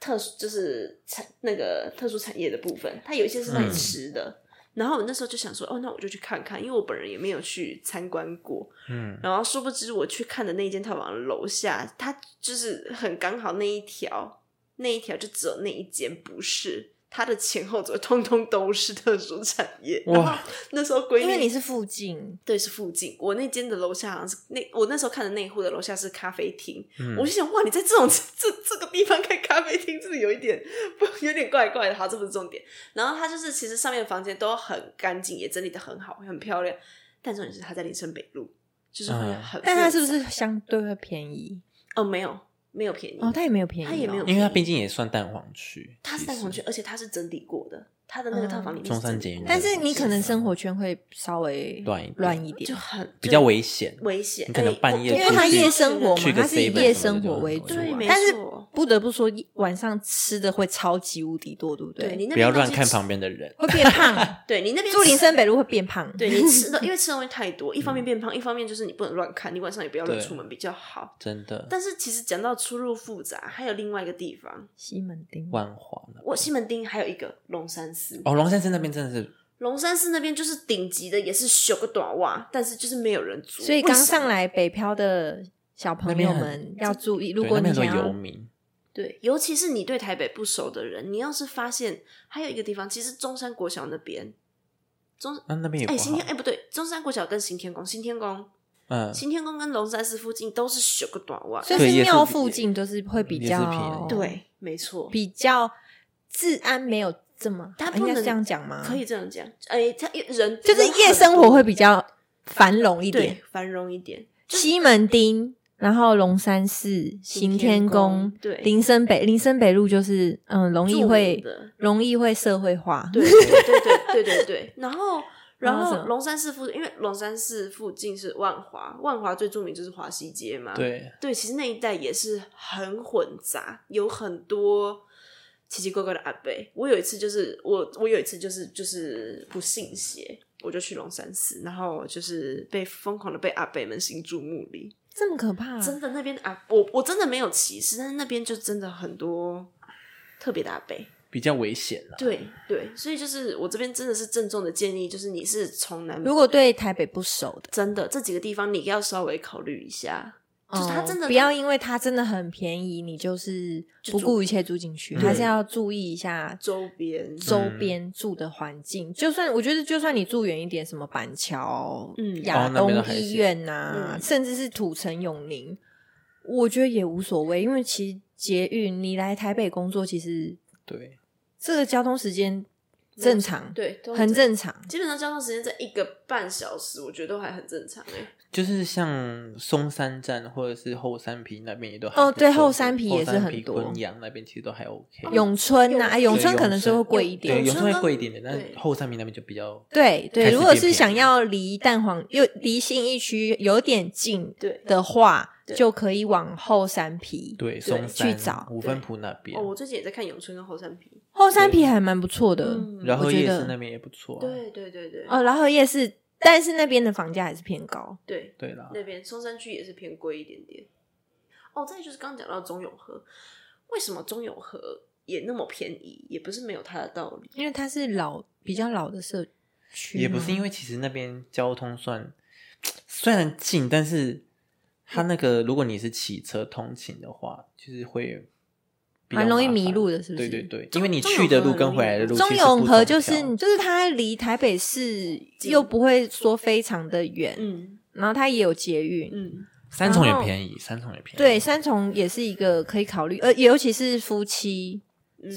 特殊，就是產那個特殊產業的部分，它有一些是賣吃的。嗯然後我那時候就想說，哦，那我就去看看，因為我本人也沒有去參觀過。嗯，然後殊不知我去看的那一間套房的樓下，它就是很剛好那一條，那一條就只有那一間不是。它的前後左右通通都是特殊產業。哇！那時候歸，因為你是附近，對，是附近。我那間的樓下好像是，那我那時候看的那戶的樓下是咖啡廳、嗯，我就想哇，你在這種這這個地方開咖啡廳，真的有一點不有點怪怪的。好，這不是重點。然後它就是其實上面的房間都很乾淨，也整理得很好，很漂亮。但重點是它在林森北路，就是很，嗯。但它是不是相對會便宜？哦，沒有。沒有，哦、沒有便宜哦，他也沒有便宜，他也沒有，因為他畢竟也算蛋黃區。他是蛋黃區，而且他是整理過的。他的那個套房裡面、嗯，中山景、啊。但是你可能生活圈會稍微亂亂一點，就很比較危險，危險。你可能半夜、哎，因為他夜生活嘛，他是以夜生活為主。但是不得不說，晚上吃的會超級無敵多，對不對？對你那邊那邊不要亂看旁邊的人，會變胖。 對你那邊住林森北路會變胖。 對你吃的，因為吃的東西太多，一方面變胖，一方面就是你不能亂看、嗯，你晚上也不要亂出門比較好。真的。但是其實講到出入複雜，還有另外一個地方，西門町萬華。我西門町還有一個龍山。哦，龍山寺那邊真的是龍山寺那邊就是頂級的，也是修個短襪，但是就是沒有人住。所以剛上來北漂的小朋友們要注意，如果你很有名，對，對，尤其是你對台北不熟的人，你要是發現還有一個地方，其實中山國小那邊，中、啊、那邊有。哎、欸，行天哎、欸、不對，中山國小跟行天宮，行天宮嗯，行天宮跟龍山寺附近都是修個短襪，所以廟附近都是會比較對，沒錯，比較治安沒有。怎麼他不能、啊、應該是這樣講嗎？可以這樣講。哎、欸，他一人就是夜生活會比較繁榮一點，繁榮一點、就是。西門町，然後龍山寺、行天宮，對，林森北林森北路就是嗯，容易會容易會社會化，對對對對對對，對 然。然後然後龍山寺附，因為龍山寺附近是萬華，萬華最著名就是華西街嘛，對對，其實那一帶也是很混雜，有很多。奇奇怪怪的阿北，我有一次就是我我有一次就是就是不信邪，我就去龍山寺，然後就是被瘋狂的被阿北們行注目禮，這麼可怕啊？真的那邊啊，我我真的沒有歧視，但是那邊就真的很多特別的阿北，比較危險了。對對，所以就是我這邊真的是鄭重的建議，就是你是從南，如果對台北不熟的，真的這幾個地方你要稍微考慮一下。就是他真的，哦、不要，因為他真的很便宜，你就是不顧一切住進去，還是要注意一下周邊，嗯、周邊住的環境。就算我覺得，就算你住遠一點，什麼板橋、嗯，亞東醫院吶、啊哦，甚至是土城永寧、嗯，我覺得也無所謂，因為其實捷運你來台北工作，其實對這個交通時間。正常，對很正常，很正常。基本上交通時間在一個半小時，我覺得都還很正常。就是像松山站或者是後山皮那邊也都哦，對，後山，後山皮也是很多。昆陽那邊其實都還 OK、哦。永春啊，永春，欸，永春，永春可能是會貴一點點，永春會貴一點點，但是後山皮那邊就比較。對對，如果是想要離蛋黃又離信義區有點近的話，對對，就可以往後山皮對、對、對，松山去找五分埔那邊。哦，我最近也在看永春跟後山皮。後山埤還蠻不錯的、嗯，然後夜市那邊也不錯、啊。對對對對，哦，然後夜市，但是那邊的房價還是偏高。對對啦，那邊松山區也是偏貴一點點。哦，再就是剛，剛講到中永和，為什麼中永和也那麼便宜？也不是沒有它的道理，因為它是老比較老的社區。也不是因為其實那邊交通算雖然近，但是它那個、嗯、如果你是騎車通勤的話，就是會。蠻容易迷路的，是不是？對對對，因為你去的路跟回來的路是的，中永和就是就是它離台北市又不會說非常的遠，嗯，然後它也有捷運，嗯，三重也便宜，三重也便宜，對，三重也是一個可以考慮，呃，尤其是夫妻，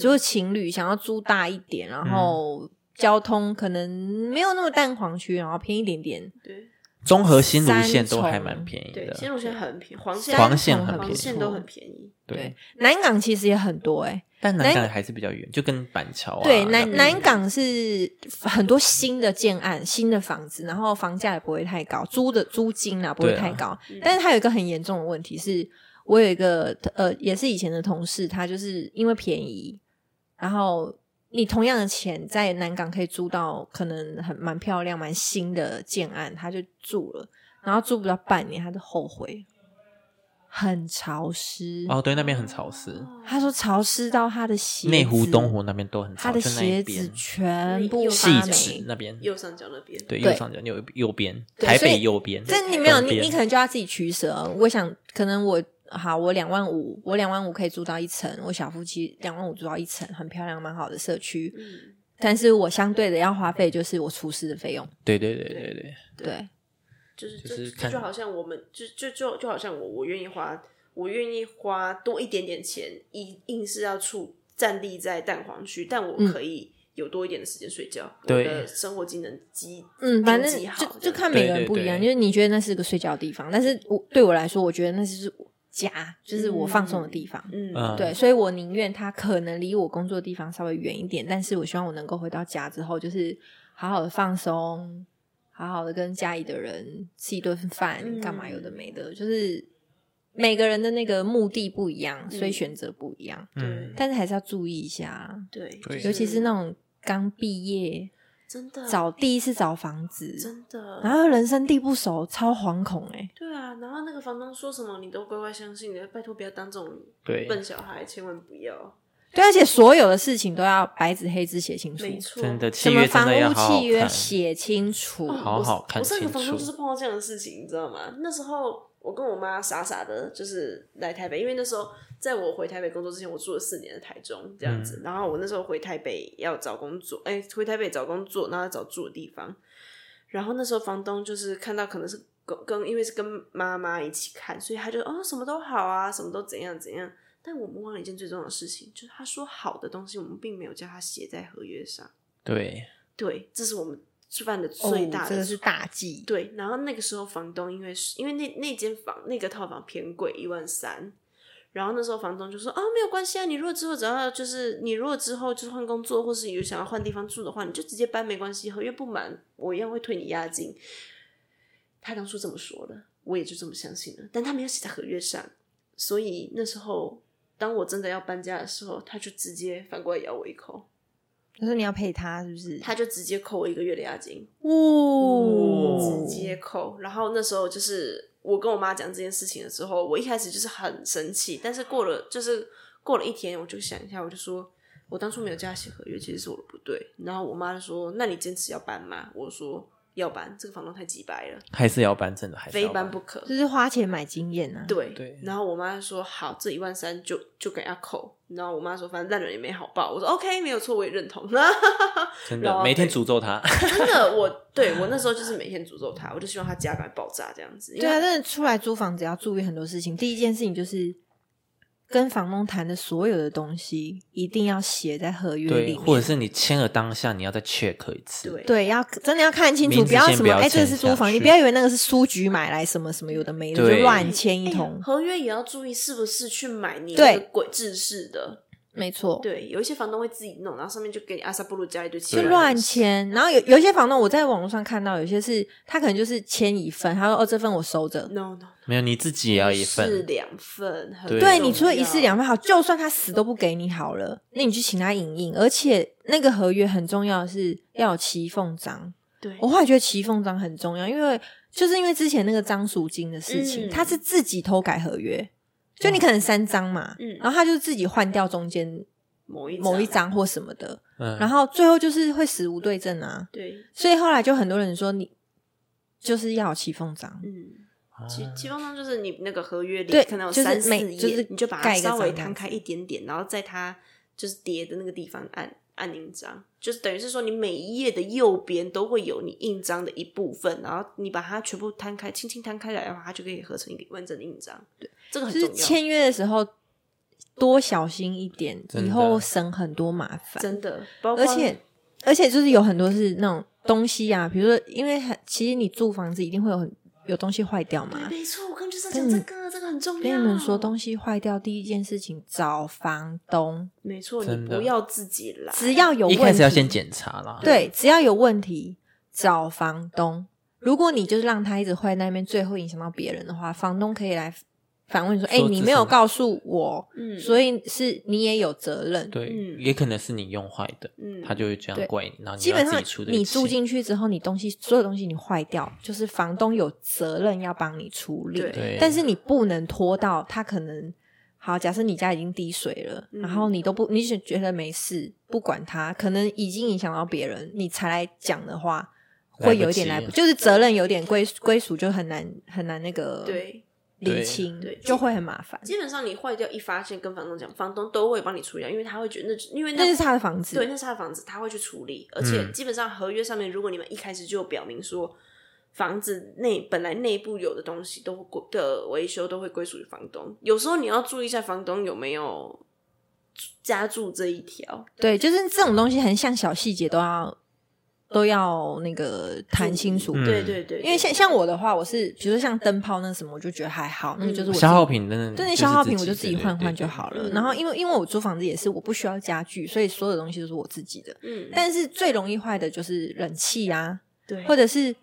就是情侶想要租大一點，然後交通可能沒有那麼蛋黃區，然後偏一點點，對。中和新蘆線都還蠻便宜的，對，新蘆線很便宜，黃線、黃線很便宜，黃線都很便宜。對，南港其實也很多哎、欸，但南，南港還是比較遠，就跟板橋、啊。對，南南港是很多新的建案、新的房子，然後房價也不會太高，租的租金呢、啊、不會太高。但是它有一個很嚴重的問題是，我有一個呃，也是以前的同事，他就是因為便宜，然後。你同樣的錢在南港可以租到，可能很蠻漂亮、蠻新的建案，他就住了，然後住不到半年他就後悔，很潮濕。哦，對，那邊很潮濕。他說潮濕到他的鞋、哦、內湖、東湖那邊都很，潮濕。他的鞋子全部發霉。汐止那邊右上角那邊，對，對右上角右右邊，台北右邊，對邊。但你沒有，你你可能就要自己取舍。我想，可能我。好，我兩萬五，我兩萬五可以租到一層，我小夫妻兩萬五租到一層，很漂亮，蠻好的社區。嗯，但是我相對的要花費就是我廚師的費用。對對對對對對，就是就是就，就好像我們就就就就好像我我願意花我願意花多一點點錢，一硬是要處站立在蛋黃區，但我可以有多一點的時間睡覺，對、嗯、生活機能積嗯反正就就看每個人不一樣，因為你覺得那是個睡覺的地方，但是我對我來說，我覺得那就是。家就是我放鬆的地方，嗯，嗯，對，所以我寧願他可能離我工作的地方稍微遠一點，但是我希望我能夠回到家之後，就是好好的放鬆，好好的跟家裡的人吃一頓飯，嗯、幹嘛有的沒的，就是每個人的那個目的不一樣，嗯、所以選擇不一樣，嗯，對，但是還是要注意一下，對，就是、尤其是那種剛畢業。真的，找第一次找房子，真的，然後人生地不熟，超惶恐哎、欸。對啊，然後那個房東說什麼你乖乖，你都乖乖相信，你要拜托不要當這種笨小孩，千萬不要。對，而且所有的事情都要白紙黑字寫清楚，沒錯。真的，真的要好好，什麼房屋契約寫清楚，好好看清楚。我上個房東就是碰到這樣的事情，你知道嗎？那時候我跟我媽傻傻的，就是來台北，因為那時候。.在我回台北工作之前，我住了四年的台中這樣子、嗯。然後我那時候回台北要找工作，哎、欸，回台北找工作，然後找住的地方。然後那時候房東就是看到，可能是跟因為是跟媽媽一起看，所以他就哦什麼都好啊，什麼都怎樣怎樣。但我們忘了一件最重要的事情，就是他說好的東西，我們並沒有叫他寫在合約上。對，對，這是我們犯的最大的，、哦、的是大忌。對，然後那個時候房東因為因為那那間房那個套房偏貴，一萬三。然後那時候房東就說：“哦，沒有關係啊，你如果之後只要，就是你如果之後就是換工作，或是有想要換地方住的話，你就直接搬沒關係，合約不滿我一樣會退你押金。”他當初這麼說的，我也就這麼相信了。但他沒有寫在合約上，所以那時候當我真的要搬家的時候，他就直接反過來咬我一口。他說：“你要賠他是不是？”他就直接扣我一個月的押金，哦，嗯、直接扣。然後那時候就是。我跟我媽講這件事情的時候，我一開始就是很生氣，但是過了就是過了一天，我就想一下，我就說我當初沒有加寫合約，其實是我的不對。然後我媽就說：“那你堅持要搬嗎？”我說。要搬，這個房東太雞掰了，還是要搬，真的還是搬非搬不可，就是花錢買經驗啊。對對。然後我媽說：“好，這一萬三就就給他扣。”然後我媽說：“反正爛人也沒好報。”我說：“OK，沒有錯，我也認同。 ”真的， 每天詛咒他。 真的，我對我那時候就是每天詛咒他，我就希望他家趕快爆炸這樣子。對啊，但是出來租房子要注意很多事情。第一件事情就是。跟房東談的所有的東西，一定要寫在合約裡面，對，或者是你簽了當下，你要再 check 一次。對，對要真的要看清楚，不要什麼哎、欸，這是租房，你不要以為那個是書局買來什麼什麼有的沒的，就亂簽一通、欸。合約也要注意是不是去買你的鬼制式的。沒錯，對，有一些房東會自己弄，然後上面就給你阿薩布魯加一堆錢，就亂簽。然後有有一些房東，我在網絡上看到，有些是他可能就是簽一份，他說哦，這份我收着 no no，no no，沒有，你自己也要一份，一式兩份。對，你除了一式兩份，好，就算他死都不給你好了，okay。那你去請他影印。而且那個合約很重要的是要有騎縫章。對我後來覺得騎縫章很重要，因為就是因為之前那個張淑晶的事情、嗯，他是自己偷改合約。就你可能三張嘛，嗯，然後他就自己換掉中間某一某一張或什麼的，嗯，然後最後就是會死無對證啊，對，對，對，所以後來就很多人說你就是要騎縫章，嗯，騎騎縫章就是你那個合約裡可能有三、就是、四頁，就是你就把它稍微攤開一點點，然後在它就是疊的那個地方按按印章，就是等於是說你每一頁的右邊都會有你印章的一部分，然後你把它全部攤開，輕輕攤開來的話，它就可以合成一個完整的印章，對。這個、就是、簽約的時候多小心一點，以後省很多麻煩。真的，包括而且而且就是有很多是那種東西呀、啊，比如說，因為其實你住房子一定會有很，有東西壞掉嘛。沒錯，我剛剛就是講這個，這個很重要。跟你們說，東西壞掉第一件事情找房東。沒錯，你不要自己來，只要有問題還是要先檢查啦。對，對，只要有問題找房東。如果你就是讓他一直壞在那邊，最後影響到別人的話，房東可以來。反問說：“哎、欸，你沒有告訴我、嗯，所以是你也有責任。對，嗯、也可能是你用壞的。嗯，他就會這樣怪你。嗯、你基本上你住進去之後，你東西所有東西你壞掉，就是房東有責任要幫你處理。對，但是你不能拖到他可能，好，假設你家已經滴水了，嗯、然後你都不，你只覺得沒事，不管他。可能已經影響到別人，你才來講的話，會有一點來，來不及。就是責任有點歸歸屬，就很難很難那個對。”釐清，對，就會很麻煩。基本上你壞掉一發現，跟房東講，房東都會幫你處理，因為他會覺得那因為那是他的房子，對，那是他的房子，他會去處理。而且基本上合約上面，如果你們一開始就表明說房子內、嗯、本來內部有的東西都的維修都會歸屬於房東，有時候你要注意一下房東有沒有加注這一條，對。對，就是這種東西，很像小細節都要。都要那個談清楚，對對對，因為像像我的話，我是比如說像燈泡那什麼，我就覺得還好，那、嗯、就是我消耗品，真的就。就那消耗品，我就自己換換就好了。對對對對，然後因為因為我租房子也是，我不需要家具，所以所有的東西都是我自己的。嗯，但是最容易壞的就是冷氣啊，對，或者是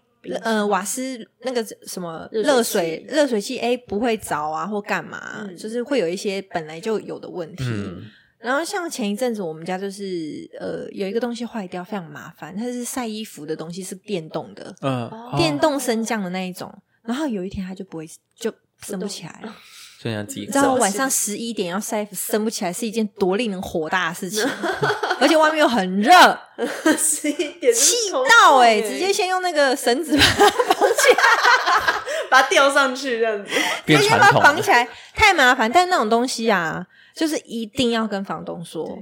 呃瓦斯那個什麼熱水熱水器哎、欸、不會着啊，或幹嘛、嗯，就是會有一些本來就有的問題。嗯。然後像前一陣子我們家就是呃有一個東西壞掉，非常麻煩。它是曬衣服的東西，是電動的，嗯、呃，電動升降的那一種。哦、然後有一天它就不會就升不起來了，這樣子。然後晚上十一點要曬衣服，升不起來是一件多令人火大的事情、嗯，而且外面又很熱，十、嗯、一、嗯、點氣到哎、欸欸，直接先用那個繩子把它綁起來， 把它吊上去這樣子，直接把它綁起來，太麻煩。但那種東西啊。就是一定要跟房東說，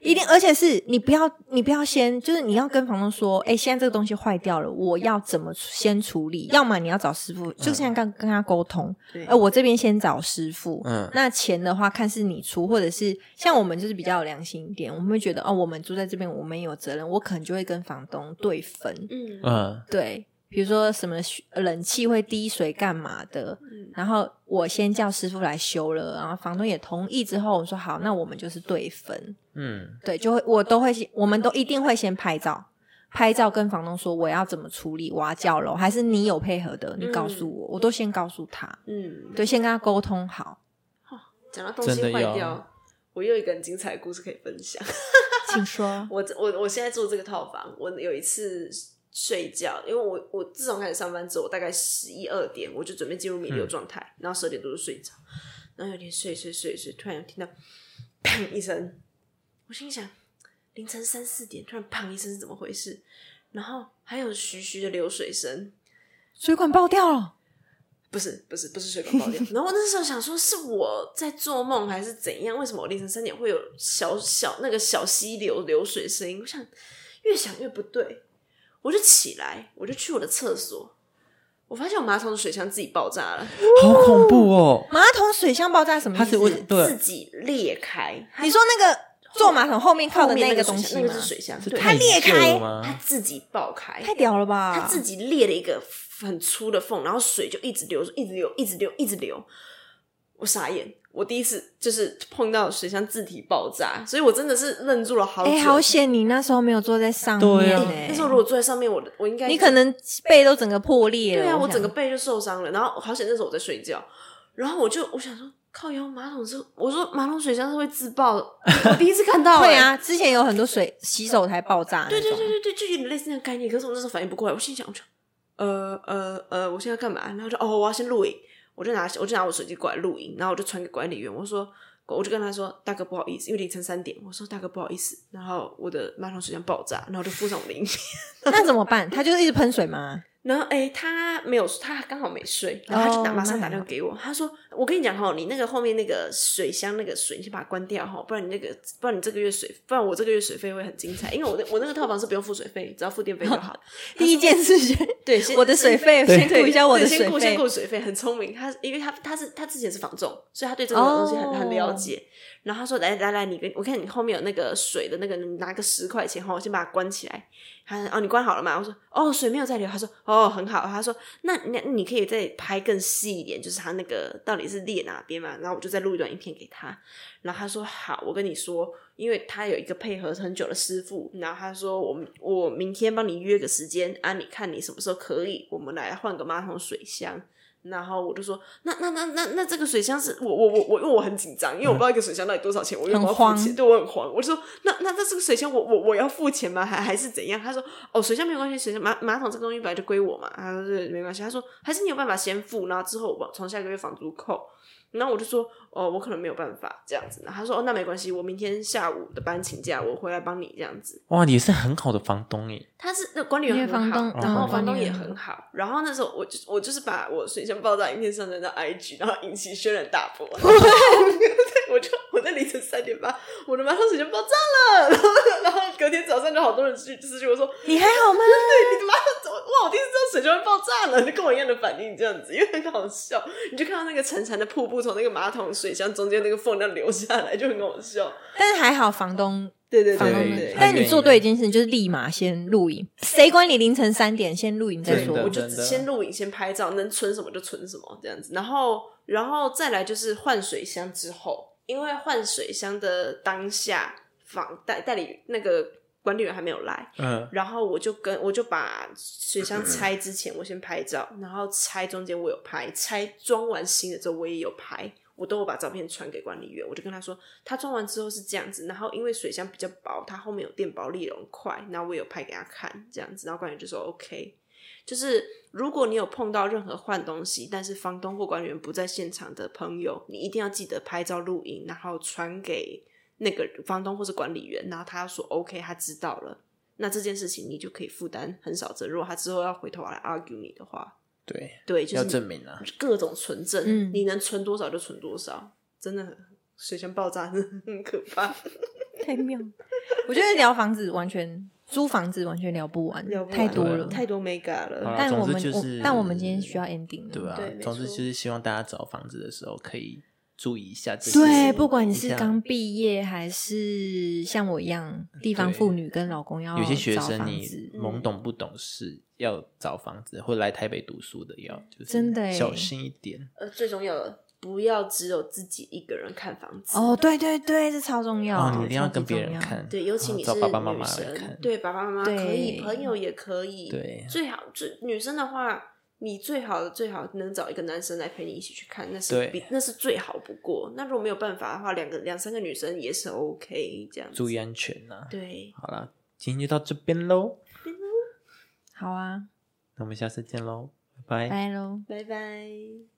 一定，而且是你不要，你不要先，就是你要跟房東說，哎、欸，現在這個東西壞掉了，我要怎麼先處理？要麼你要找師傅、嗯，就像、是、剛跟他溝通，哎，我這邊先找師傅。嗯，那錢的話，看是你出，或者是像我們就是比較有良心一點，我們會覺得哦，我們住在這邊，我們有責任，我可能就會跟房東對分。嗯嗯，對。比如說什麼冷氣會滴水幹嘛的、嗯，然後我先叫師傅來修了，然後房東也同意之後，我說好，那我們就是對分。嗯，對，就會我都會先，我們都一定會先拍照，拍照跟房東說我要怎麼處理，我要交樓，還是你有配合的，你告訴我、嗯，我都先告訴他。嗯，對，先跟他溝通好。哦，講到東西壞掉，有我又有一個很精彩的故事可以分享。 請說。我我我現在住這個套房，我有一次。睡覺，因為我我自從開始上班之後，我大概十一二點我就準備進入彌留狀態，然後十二點多就睡着，然後有點睡睡睡睡，睡，突然有聽到砰一聲，我心想凌晨三四點突然砰一聲是怎麼回事？然後還有徐徐的流水聲，水管爆掉了，不是不是不是水管爆掉， 然後那時候想說是我在做夢還是怎樣？為什麼我凌晨三點會有小小那個小溪流流水聲音？我想越想越不對。我就起來，我就去我的廁所，我發現我馬桶的水箱自己爆炸了，好恐怖哦！馬桶水箱爆炸，什麼意思是？它自己裂開。你說那個坐馬桶後面靠的那個東西嗎？那個，那個是水箱，它裂開，它自己爆開，太屌了吧？它自己裂了一個很粗的縫，然後水就一直流，一直流，一直流，一直流，我傻眼。我第一次就是碰到水箱自體爆炸，所以我真的是愣住了好久。欸、好險！你那時候沒有坐在上面。欸欸，那時候如果坐在上面，我的我應該你可能背都整個破裂對啊，我，我整個背就受傷了。然後好險那時候我在睡覺，然後我就我想說靠腰馬桶是我說馬桶水箱是會自爆。 我第一次看到，對 啊，之前有很多水洗手台爆炸。對對對對對，就有點類似那個概念。可是我那時候反應不過來，我心想，我想呃呃呃，我現在幹嘛？然後就哦，我要先錄影。我就拿我就拿我手機過來錄音，然後我就傳給管理員，我說我就跟他說，大哥不好意思，因為凌晨三點，我說，大哥不好意思，然後我的馬桶水管爆炸，然後就附上我錄影。 那怎麼辦？他就是一直噴水嗎？然後誒，他沒有，他剛好沒睡，然後他就打、oh, 馬上打電話給我。他說：“我跟你講哈、哦，你那個後面那個水箱那個水，你先把它關掉哈、哦，不然你那個不然你這個月水，不然我這個月水費會很精彩。因為我我那個套房是不用付水費，只要付電費就好了。 ”第一件事情， 對先，我的水費先退一下，我的水費先顧先顧水費，很聰明。他因為他他是他之前是房仲，所以他對這個東西很、oh. 很了解。然後他說：“來來來，你跟我看你後面有那個水的那個，你拿個十塊錢哈、哦，我先把它關起來。”他說：“哦，你關好了嗎？”我說：“哦，水沒有在流。”他說。哦，很好。他說，那那你可以再拍更細一點，就是他那個到底是裂哪邊嘛。然後我就再錄一段影片給他。然後他說好，我跟你說，因為他有一個配合很久的師傅。然後他說，我我明天幫你約個時間啊，你看你什麼時候可以，我們來換個馬桶水箱。然後我就說，那那那那那，那這個水箱是我我我我，因為我，我很緊張，因為我不知道一個水箱到底多少錢，嗯、我又為很慌，對我很慌。我就說，那那那這個水箱我，我我我要付錢嗎？還還是怎樣？他說，哦，水箱沒有關係，水箱馬馬桶這個東西本來就歸我嘛。他說是沒關係，他說還是你有辦法先付，然後之後我從下個月房租扣。然後我就說。哦，我可能沒有辦法這樣子呢。然後他說：“哦，那沒關係，我明天下午的班請假，我回來幫你這樣子。”哇，你是很好的房東耶。他是那、呃、管理員很好房東，然後房東也很好。哦、很好，然後那時候我，我就我就是把我水箱爆炸影片上傳到 IG，然後引起軒然大波。 我就我在凌晨三點半，我的馬桶水箱爆炸了，然後然後隔天早上就好多人私私訊我說：“你還好嗎 ？”你的馬桶怎麼哇？我第一次知道水箱會爆炸了，就跟我一樣的反應這樣子，因為很好笑。你就看到那個沉沉的瀑布從那個馬桶。水箱中間那個縫那流下來就很好笑，但是還好房東，對對對，房東對對對，但你做對一件事你就是立馬先錄影，誰管你凌晨三點先錄影再說，對對對，我就先錄影先拍照，能存什麼就存什麼這樣子，然後然後再來就是換水箱之後，因為換水箱的當下房代代理那個管理員還沒有來，嗯，然後我就跟我就把水箱拆之前我先拍照，嗯、然後拆中間我有拍，拆裝完新的之後我也有拍。我都我把照片傳給管理員，我就跟他說，他裝完之後是這樣子，然後因為水箱比較薄，他後面有墊保麗龍塊，然後我有拍給他看這樣子，然後管理員就說 OK，就是如果你有碰到任何換東西，但是房東或管理員不在現場的朋友，你一定要記得拍照錄影，然後傳給那個房東或是管理員，然後他說 OK，他知道了，那這件事情你就可以負擔很少責，如果他之後要回頭來 argue 你的話。對，對，就是要證明啊，各種存證，你能存多少就存多少，嗯、真的水上爆炸是很可怕，太妙。我覺得聊房子完全 租房子完全聊不完，不完太多了，太多眉角了，就是。但我們我，但我們今天需要 ending，了，嗯、對、啊、對，總之就是希望大家找房子的時候可以。注意一下，對，不管你是剛畢業還是像我一樣地方婦女，跟老公要找房子有些學生，你懵懂不懂事，要找房子、嗯、或來台北讀書的要，要就是真的小心一點。呃，最重要的不要只有自己一個人看房子哦，對對對，這超重要、哦，你一定要跟別人看。對，尤其你是女生，對、哦、爸爸媽媽可,可以，朋友也可以，對，最好最女生的話。你最好最好能找一個男生來陪你一起去看，那是比那是最好不過。那如果沒有辦法的話，兩個兩三個女生也是 OK 這樣子。注意安全吶、啊。對，好啦，今天就到這邊嘍。 好啊，那我們下次見嘍，拜拜。拜嘍，拜拜。